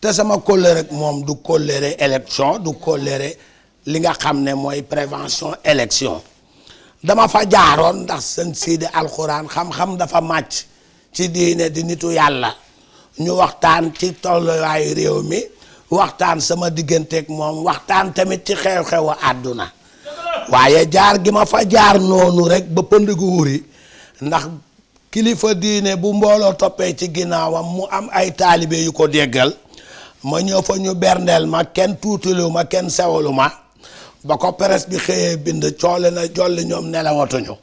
[SPEAKER 1] te sama kóllëre moom du kóllëre élection du kóllëre li nga xam ne mooy prévention élection dama fa jaaroon ndax seen siidi alxuraan xam-xam dafa màcc ci diine di nitu yàlla ñu waxtaan ci tolluwaayu réew mi waxtaan sama digganteek moom waxtaan tamit ci xew-xewu àdduna waaye jaar gi ma fa jaar noonu rek ba pënd gu wuri ndax kilifa diine bu mbooloo toppee ci ginnaawam mu am ay taalibe yu ko déggal ma ñëw fa ñu berndeel ma kenn tuutilu ma kenn sewalu ma ba ko presse bi xëyee bind coole na jolli ñoom nelawatuñu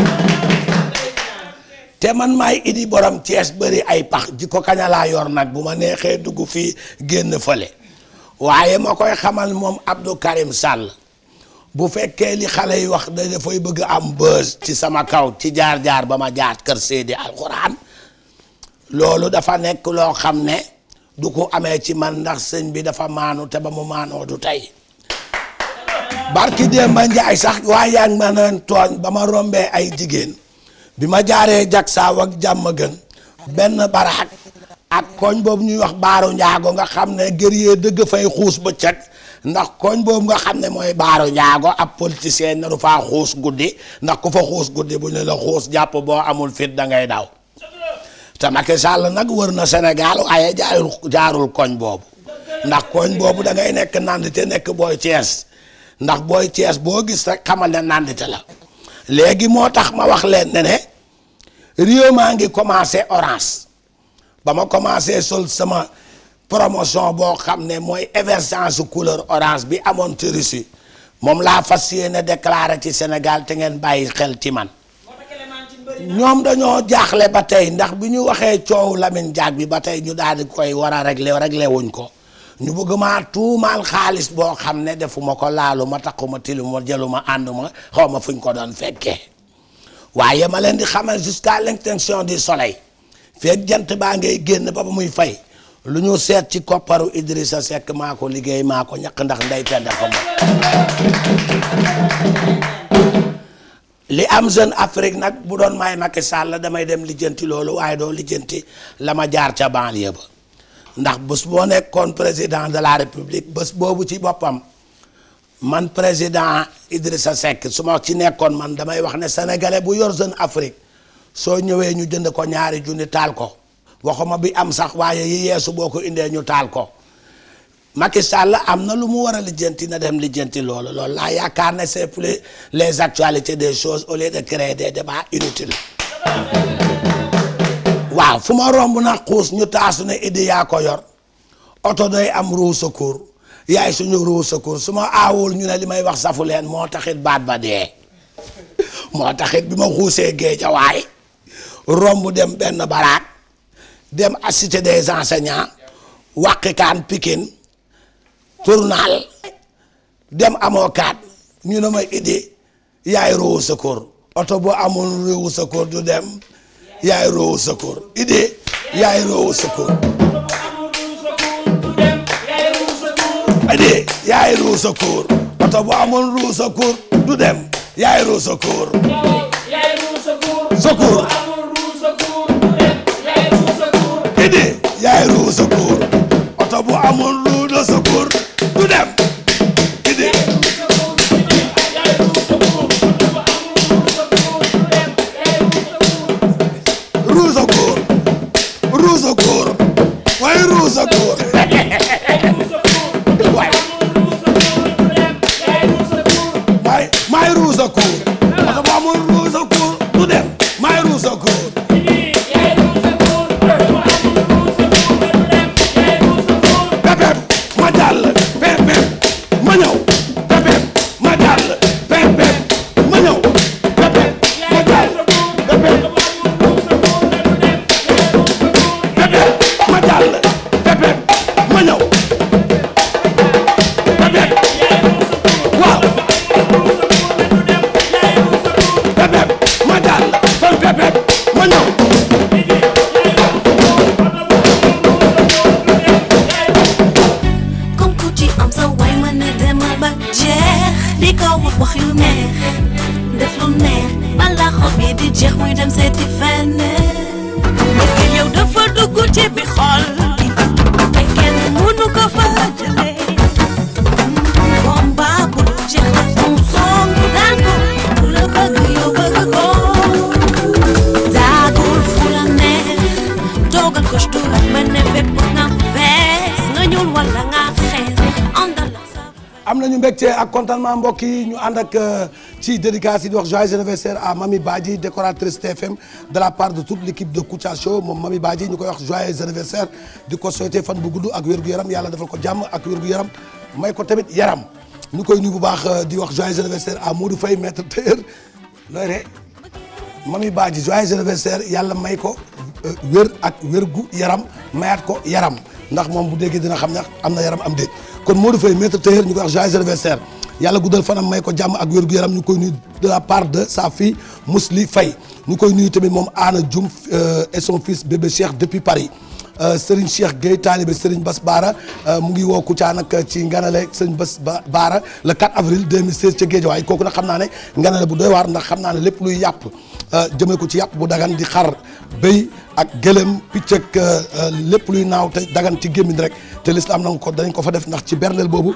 [SPEAKER 1] te man maay idi borom Cees bëri ay pax ji ko nag bu ma neexee dugg fii génn fële waaye ma koy xamal moom Abdou Karim Sall bu fekkee li xale yi wax da dafay bëgg am bës ci sama kaw ci jaar-jaar ba ma jaar kër Seydi Alxuraan loolu dafa nekk loo xam ne du ko amee ci man ndax sëñ bi dafa maanu te ba mu maanoo du tey barki Demba Njaay sax waa yaa ma naan tooñ ba ma rombee ay jigéen bi ma jaaree jag saaw ak jàmm gën benn baraak ak koñ boobu ñuy wax baaru njaago nga xam ne guerrier dëgg fay xuus bëccëg ndax koñ boobu nga xam ne mooy Baaro Njaago ab politicien naru faa xuus guddi ndax ku fa xuus guddi bu ñu la xuus jàpp boo amul fit da ngay daw te Macky Sall nag wër na Sénégal waaye jaarul jaarul koñ boobu ndax koñ boobu da ngay nekk nandite nekk booy Thiès ndax booy Thiès boo gis rek xamal ne nandite la léegi moo tax ma wax leen ne ne maa ngi commencé orange ba ma commencé sol sama. promotion boo xam ne mooy émergence couleur orange bi amoon ci moom laa fas yéene déclaré ci Sénégal te ngeen bàyyi xel ci man ñoom dañoo jaaxle ba tey ndax bi ñu waxee coow Lamine Diack bi ba tey ñu daal di koy war a réglé réglé wuñ ko ñu bëgg maa tuumaal xaalis boo xam ne defuma ko laalu ma taxuma tiluma jëluma ànduma xaw ma fuñ ko doon fekkee waaye ma leen di xamal jusqu'à l'extinction du soleil fekk jant baa ngay génn ba ba muy fay lu ñu seet ci kopparu Idrissa Seck maa ko liggéey maa ko ñàkk ndax ndey tedd ko li am Jeune Afrique nag bu doon may Macky Sall damay dem lijjanti loolu waaye doo lijjanti la ma jaar ca banlieue ba ndax bés boo nekkoon président de la république bés boobu ci boppam man président Idrissa Seck su ma ci nekkoon man damay wax ne sénégalais bu yor Jeune Afrique soo ñëwee ñu jënd ko ñaari junni taal ko waxuma bi am sax waaye yi yeesu boo ko indee ñu taal ko Macky Sall am na lu mu war a lijjanti na dem lijjanti loolu loolu laa yaakaar ne c'est plus les actualités des choses au lieu de créer des débats inutiles waaw fu ma romb na xuus ñu taasu ne idi yaa ko yor oto day am roue secours yaay suñu roue secours su ma aawul ñu ne li may wax safu leen moo taxit baat ba dee moo taxit bi ma xuusee géejawaay romb dem benn baraat dem assisté des enseignants wàqikaan Pikine tournal dem amoo kaat ñu ne ma idi yaay rowu sa koor oto bu amul rowu sa koor du dem yaay rowu sa koor idi yaay rowu sa koor idi yaay rowu sa koor oto bu amul rowu sa koor du dem yaay rowu sa koor sa koor xayru sukkur oto bu amul lu contentement mbokk yi ñu ànd ak euh, ci dédicace yi di wax joyeux anniversaire à Mami Badji décoratrice TFM de la part de toute l' équipe de Kouthia Show moom Mami Badji ñu koy wax joyeux anniversaire di ko souhaité fan bu gudd ak wér-gu-yaram yàlla defal ko jàmm ak wér-gu-yaram may ko tamit yaram ñu koy nuyu bu baax euh, di wax joyeux anniversaire à Modou Faye maître tailleur looy ree Mami Badji joyeux anniversaire yàlla may ko euh, wér ak wér-gu-yaram mayaat ko yaram ndax moom bu déggee dina xam ne am na yaram am déet kon Modou Faye maître ñu koy wax joyeux yàlla guddal fanam may ko jàmm ak wér gu yaram ñu koy nuyu de la part de sa fille Mousli Faye ñu koy nuyu tamit moom Anna Dioum euh, et son fils bébé Cheikh depuis Paris. Euh, Serigne Cheikh Gueye taalibe Serigne bas Baara euh, mu ngi woo Kouthia nag ci nganale Serigne Bass Baara le 4 avril 2016 ca Guédiawaye kooku nag xam naa ne nganale bu doy waar ndax xam naa ne lépp luy yàpp. Euh, jëmee ko ci yàpp bu dagan di xar béy ak gëléem picc ak euh, euh, lépp luy naaw te dagan ci gémmiñ rek te lislaam na ko dañ ko fa def ndax ci berndeel boobu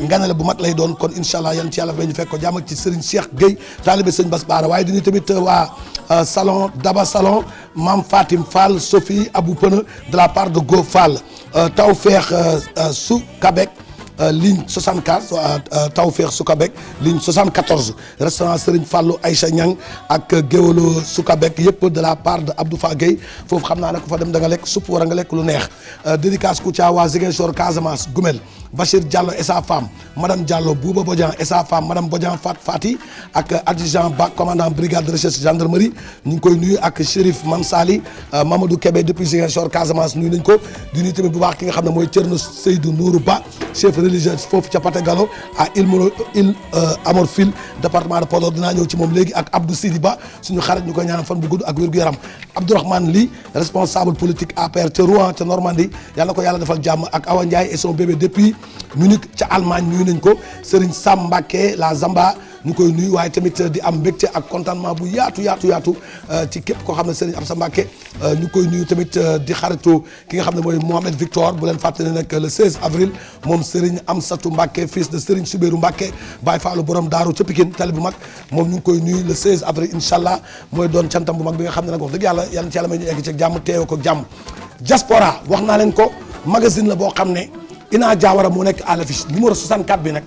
[SPEAKER 1] nganale bu mag lay doon kon incha allah yan ci yàlla fa ñu fekk ko jàmm ak ci Serigne Cheikh Gueye taalibe Serigne Bass Baara waaye dini tamit waa salon Daba salon maam faatim Fall Sophie Abou Pene de la part de Go Fall taw feex su Kabek Euh, ligne 64 euh, Tawfekh Sukabek ligne 74 restaurant Serigne Fallou Aïcha Niang ak géwalo Sukabek yëpp de la part de Abdou Fa Gueye foofu xam naa ne ku fa dem da nga lekk supp war nga lekk lu neex euh, dédicace Kouthia waa Ziguinchor Casamance Gumel Bachir Diallo et sa femme madame Diallo Bouba Bodian et sa madame Bodian Fat Fati ak adjudant ba commandant brigade de recherche gendarmerie ñu ngi koy nuyu ak Chérif Mansali Mamadou Kébé depuis Ziguinchor ki nga xam ne mooy Thierno Seydou Nourou Ba chef religieuse foofu ca Paté Gallo à Île Île euh, Amorphile département ñëw ci moom léegi ak Abdou Sidi Ba suñu xarit ñu koy ñaanal fan bu gudd ak wér-gu-yaram Abdourahmane Ly responsable politique APR ca Rouen ca Normandie yàlla ko yàlla defal jàmm ak Awa Ndiaye son bébé depuis Munich ca Allemagne nuyu nañ ko Serigne Sam Mbacké la Zamba ñu koy nuyu waaye tamit di am mbégte ak contentement bu yaatu yaatu yaatu euh, ci képp koo xam ne Serigne Amsa Mbacké euh, ñu koy nuyu tamit euh, di xaritu ki nga xam ne mooy Mohamed Victor bu leen fàttali nag le 16 avril moom Serigne Amsatou Mbacké fils de Serigne Soubérou Mbacké Baye Fallou borom daaru ca Pikine tali bu mag moom ñu ngi koy nuyu le 16 avril incha allah mooy doon cantam bu mag bi nga xam ne nag wax dëgg yàlla yàlla ci yàlla may ñu egg ci jàmm teewe ko jàmm diaspora wax naa leen ko magazine la boo xam ne inaa Diawara moo nekk à l'affiche numéro 64 bi nag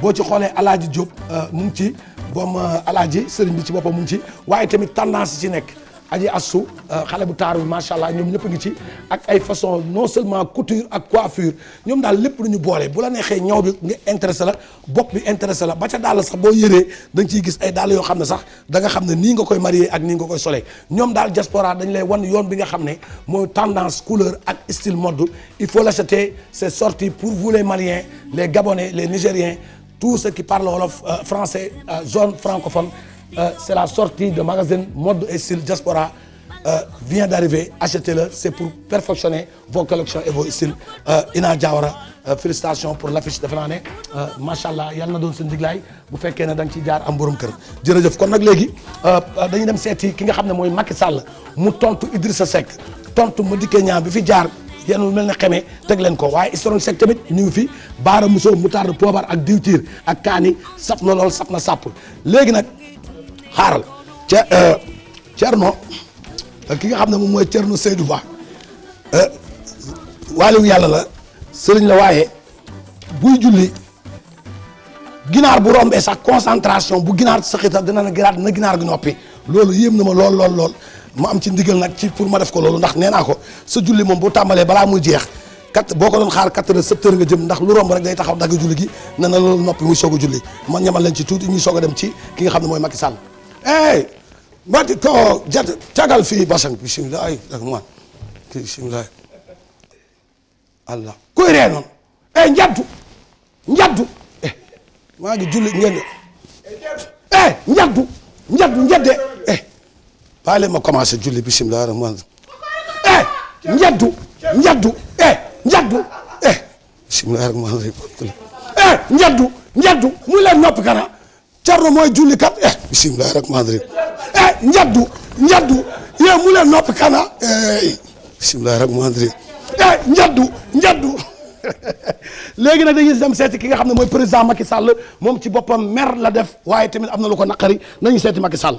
[SPEAKER 1] boo ci xoolee alaaji Diop euh, mu ngi ci boom euh, alaaji sëriñ bi ci boppam mu ci waaye tamit tendance ci nekk aji assu euh, xale bu taaru bi macha allah ñoom ñëpp ngi ci ak ay façon non seulement couture ak coiffure ñoom daal lépp lu ñu boole bu la neexee ñaw bi nga intéressé la bopp bi intéressé la ba ca daal sax boo yëree dañ nga ciy gis ay daal yoo xam ne sax danga xam ne nii nga koy marier ak nii nga koy solee ñoom daal diaspora dañ lay wan yoon bi nga xam ne mooy tendance couleur ak style il faut l'acheter c'est sorti pour vous les Maliens les Gabonais les Nigériens tout ce qui parlent wolof euh, français euh, zone francophone euh, c'est la sortie de magazine mode et style diaspora euh, vient d'arriver achetez-le c'est pour perfectionner vos collections et vos styles euh, Ina Diawara euh, félicitations pour l'affiche defe naa ne macha allah yàlla na doon seen diglaay bu fekkee ne da nga ciy jaar am borom kër jërëjëf kon nag léegi dañuy dem seeti ki nga xam ne mooy Macky Sall mu tontu Idrissa Seck tontu Madické Niang bi fi jaar. yan lu mel ne xeme teg leen ko waaye Strong sec tamit ñu ngi fi baara musoo moutarde poobar ak diwtiir ak kaani saf na lool saf na sàpp léegi nag xaaral ca Cerno euh, euh, ki nga xam ne moom mooy Cerno Seydou Ba euh, waaliwu yàlla la sëriñ la waaye buy julli ginaar bu rombee sax concentration bu ginaar saxita dina na giraat na ginaar gi noppi loolu yéem na ma lool lool lool ma am ci ndigal nag ci pour ma def ko loolu ndax nee naa ko sa julli moom bu tàmbalee balaa muy jeex kat boo ko doon xaar quatre heures nga jëm ndax lu romb rek day taxaw dagg julli gi ne na loolu noppi muy soog a julli man ñamal leen ci tuuti ñuy soog a dem ci ki nga xam ne mooy Macky Sall ey mati ko jat cagal fii basan bisimilah ay ak man bisimilah allah kuy ree noonu ey eh, baale ma commencé julli bisimilah rahmaan eh njaddu njaddu eh njaddu eh bisimilah mu leen noppi kana Cerno mooy julli kat eh bisimilah rahmaan rahim eh njaddu njaddu yee eh, eh, mu leen noppi eh, nag dañuy dem seeti ki nga xam ne mooy président Macky Sall moom ci boppam mer la def waaye tamit am na lu ko naqari nañu seeti ma Sall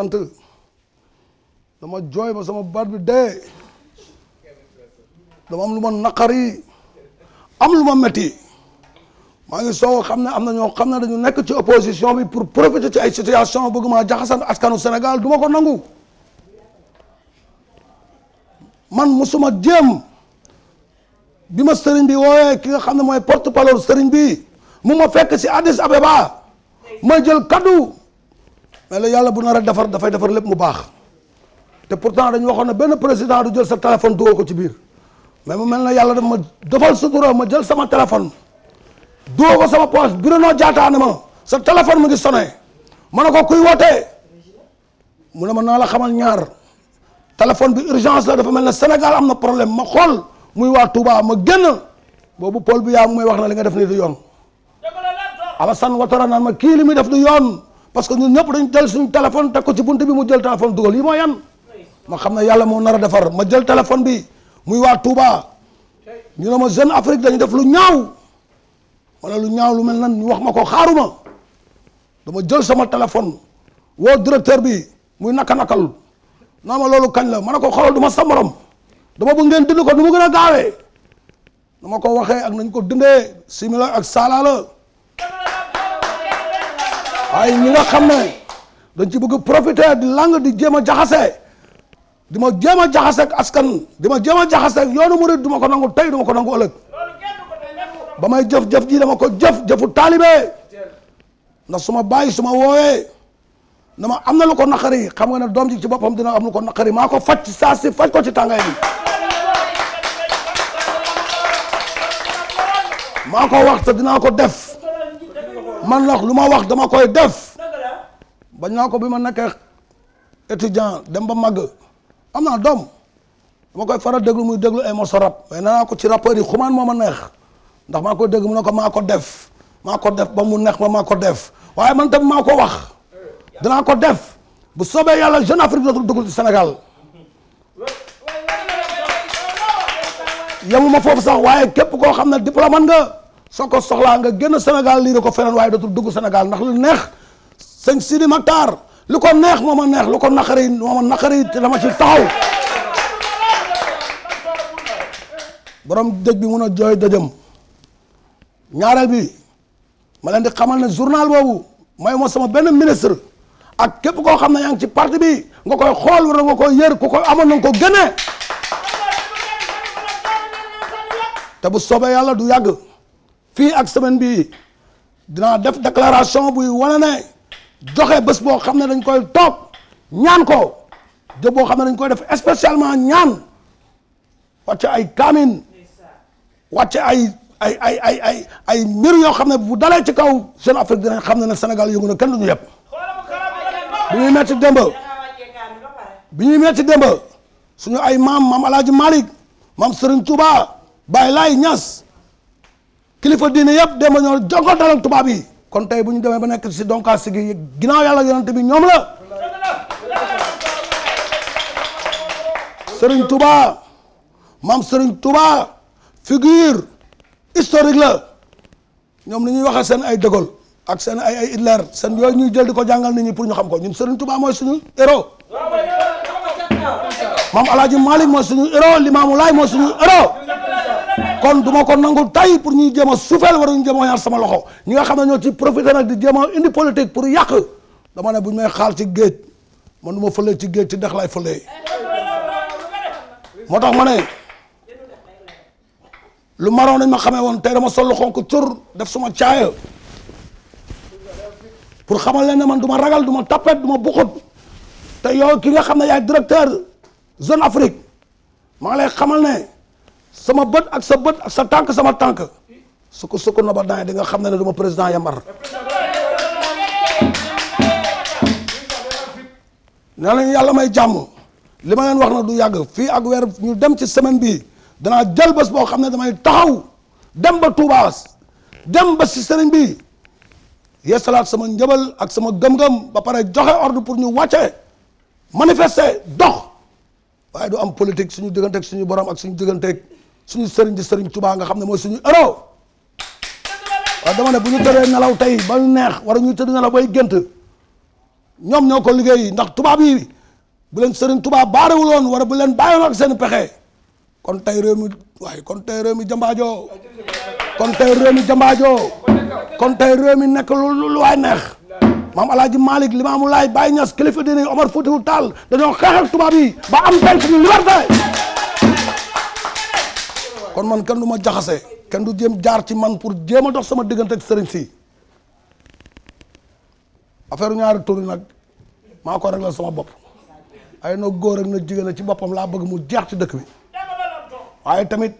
[SPEAKER 1] sant dama jooy ba sama baat bi dee dama am lu ma am lu ma metti maa ngi soog xam ne am na ñoo xam ne dañu nekk ci opposition bi pour profiter ci ay situation bëgg maa jaxasan askanu senegal du ma ko nangu man musuma jéem bi ma sëriñ bi wooyee ki nga xam ne mooy porte-parole sëriñ bi mu ma fekk si Addis Abeba ma jël kaddu mais na yàlla bu nar a defar dafay defar lépp mu baax te pourtant dañu waxoon ne benn président du jël sa téléphone dugal ko ci biir mais mu mel na yàlla daf ma defal sutura ma jël sama téléphone dugal ko sama poche Bruno Diatta ne ma sa téléphone mu ngi sonné ma ne ko kuy wootee mu ne ma naa la xamal ñaar téléphone bi urgence la dafa mel ne Sénégal am na problème ma xool muy waa Touba ma génn boobu Paul bi yaa mooy wax na li nga def nii du yoon Alassane Ouattara def parce que ñun ñëpp dañ jël suñu téléphone teg ko ci bunt bi mu jël téléphone dugal yi mooy yan ma xam na yàlla moo nar a defar ma jël téléphone bi muy waa Touba ñu ne ma Jeune Afrique dañu def lu ñaaw wala lu ñaaw lu mel nan ñu wax ma ko xaaruma dama jël sama téléphone woo directeur bi muy naka-nakal naa ma loolu kañ la ma ne ko xoolal du ma sa morom dama bëgg ngeen ko nu mu gën a gaawee na ma ko waxee ak nañ ko dindee simila ak saala waaye ñi nga xam ne dañ ci bëgg profiter di lang di jéem a jaxase di ma jéem a jaxase askan di ma a jaxase ak yoonu murid du ma ko nangu tey du ma ko nangu ëllëg ba may jëf-jëf ji dama ko jëf jëfu taalibe ndax su ma bàyyi su ma woowee na ma am na lu ko naqari xam nga ne doom ji ci boppam dina am lu ko naqari maa ko faj ci si faj ko ci tàngaay bi maa ko wax te dinaa ko def man nag lu ma wax dama koy def bañ naa ko bi ma nekkee étudiant dem ba màgg am naa doom dama koy faral déglu muy déglu ay morceau rap mais nee naa ko ci rappeurs yi xumaan moo ma neex ndax maa ko dégg mu a ko maa ko def maa ko def ba mu neex ma maa ko def waaye man tam maa ko wax danaa ko def bu soobee yàlla Jeune Afrique dootul dugg ci Sénégal yemuma foofu sax waaye képp koo xam ne diplôme nga. soo ko soxlaa nga génn Sénégal lii ko feneen waaye dootul dugg Sénégal ndax lu neex sëñ Sidi Makhtar lu ko neex moo ma neex lu ko naqari moo ma naqari te dama ci taxaw borom dëj bi mun a jooy dëjëm ñaareel bi ma leen di xamal ne journal boobu may ma sama benn ministre ak képp koo xam ne yaa ngi ci parti bi nga koy xool wala nga koy yër ku koy amoon na nga ko génne te bu soobee yàlla du yàgg. fii ak semaine bi dinaa def déclaration buy wane ne joxe bés boo xam ne dañ koy toog ñaan ko jë boo xam ne dañ koy def spécialement ñaan wàcce ay kaamin wàcce ay ay ay ay ay ay mbir yoo xam ne bu dalee ci kaw Jeune Afrique dinañ xam ne ne Sénégal yëngu na kenn duñu yëpp bi ñuy metti démb bi ñuy metti démb ay maam maam El Hadj Malick maam Serigne Touba Baye Laye kilifa diine yëpp dem ñoo jonko dalal tubaab kon tey bu ñu demee ba nekk si donkaas gi ginnaaw yàlla yonent bi ñoom la Serigne Touba maam Serigne Touba figure historique la ñoom ni ñuy waxee seen ay De ak seen ay ay Hitler seen yooyu ñuy jël ko jàngal nit ñi pour ñu xam ko ñun Serigne Touba mooy suñu héros maam Alaaji Malick mooy suñu héros Limaamu Laay mooy suñu héros kon duma ma ko nangul tay pour ñuy jéem a suufeel wala ñu jéem a sama loxo ñi nga xam ne ñoo ci profité nag di jéem a indi politique pour yàq dama ne bu ñu may xaal ci géej man du ma ci géej ci dex laay fëlee moo tax ma ne lu maroon nañ ma xamee woon tey dama sol lu xonk cur def suma caaya pour xamal leen ne man du ragal du ma tapet du ma buxut te yow ki nga xam ne yaay directeur zone afric maa ngi lay xamal ne. sama bët ak sa bët ak sa tànk sama tànk su ko su ko noba daan nga xam ne ne duma président Yamar nee nañ yàlla may jàmm li ma leen wax na du yàgg fii ak weer ñu dem ci semaine bi dana jël bés boo xam ne damay taxaw dem ba Touba dem ba si sëriñ bi yeesalaat sama njabal ak sama gëm ba pare joxe ordre pour ñu wàcce manifester dox waaye du su politique suñu digganteeg suñu borom ak suñu digganteeg suñu sëriñ di sëriñ Tuubaa nga xam ne mooy suñu héros waaw dama ne bu ñu tëree nelaw tey ba ñu neex war ñu tëdd nelaw bay gént ñoom ñoo ko liggéey ndax tubaab yi bu leen sëriñ ba baarewul woon wala bu leen bàyyoon ak seen pexe kon tey réew mi waaye kon tey réew mi jambaajo kon tey réew mi jambaajo kon tey réew mi nekk lu lu waay neex maam alaaji Malick Limaamu Laay Baay Ñas kilifa diine Omar Foutiyou Tall dañoo xeex tubaab yi ba am tey suñu liberté kon man kenn du ma jaxase kenn du jëm jaar ci man pour jéem a dox sama diggante ak sëriñ si affaire ñaari tur nag maa ko la sama bopp ay na góor ak na jigéen ci boppam laa bëgg mu jeex ci dëkk bi waaye tamit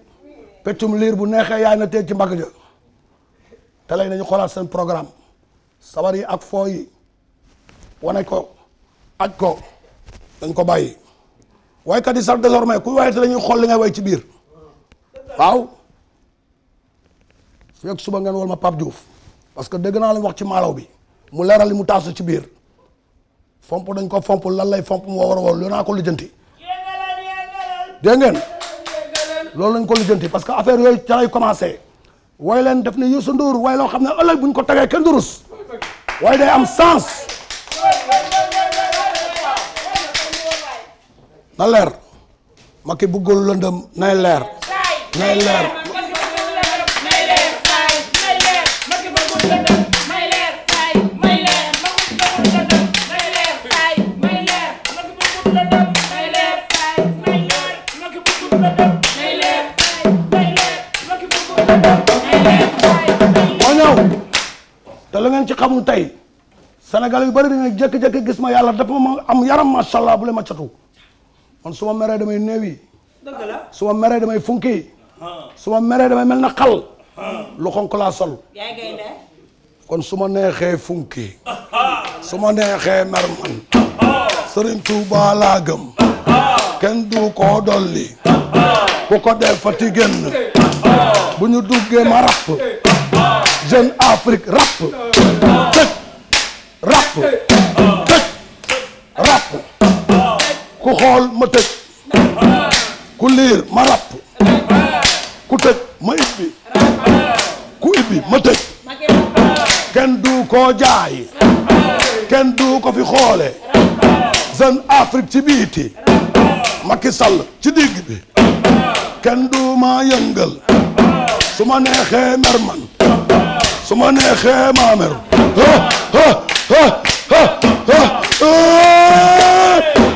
[SPEAKER 1] peccum liir bu neexee yaay na tee ci mbagg ja te lay xoolaat seen programme sabar yi ak foo yi wane ko aj ko dañ ko bàyyi waykat yi sax désormais ku waaye te dañuy xool li ngay way ci biir waaw fekk suba ngeen wol ma Pape Diouf parce que dégg naa li wax ci maalaw bi mu leeral li mu taasu ci biir fomp dañ ko fomp lan lay fomp moo war war lu naa ko lijjanti dégg ngeen loolu lañ ko lijjanti parce que affaire yooyu ca lay commencé way leen def ne Youssou Ndour way loo xam ne ëllëg buñ ko tegee kenn du rus day am sens na leer Macky bëggul lëndëm nay leer nay leer nay ci xamul tey Sénégal yu bëri dañuy jékki-jékki gis ma yàlla dafa ma am yaram macha allah bu le ma catu man su ma meree damay néew yi. dëgg la funki su ma meree damay mel na xal lu xonk laa sol kon su ma neexee funki su ma neexee mer man Sëriñ Tuuba kenn du ko ko def fati bu ñu duggee ma rap Jeune Afrique rap tëj rap tëj xool ma tëj ku liir ma rap ku tëj ma ibbi ku ibbi ma tëj kenn du ko jaay kenn du ko fi xoole Jeune Afrique ci biiti Macky Sall ci digg kenn du ma yëngal su ma neexee mer su ma neexee ma mer ha
[SPEAKER 2] ha ha ha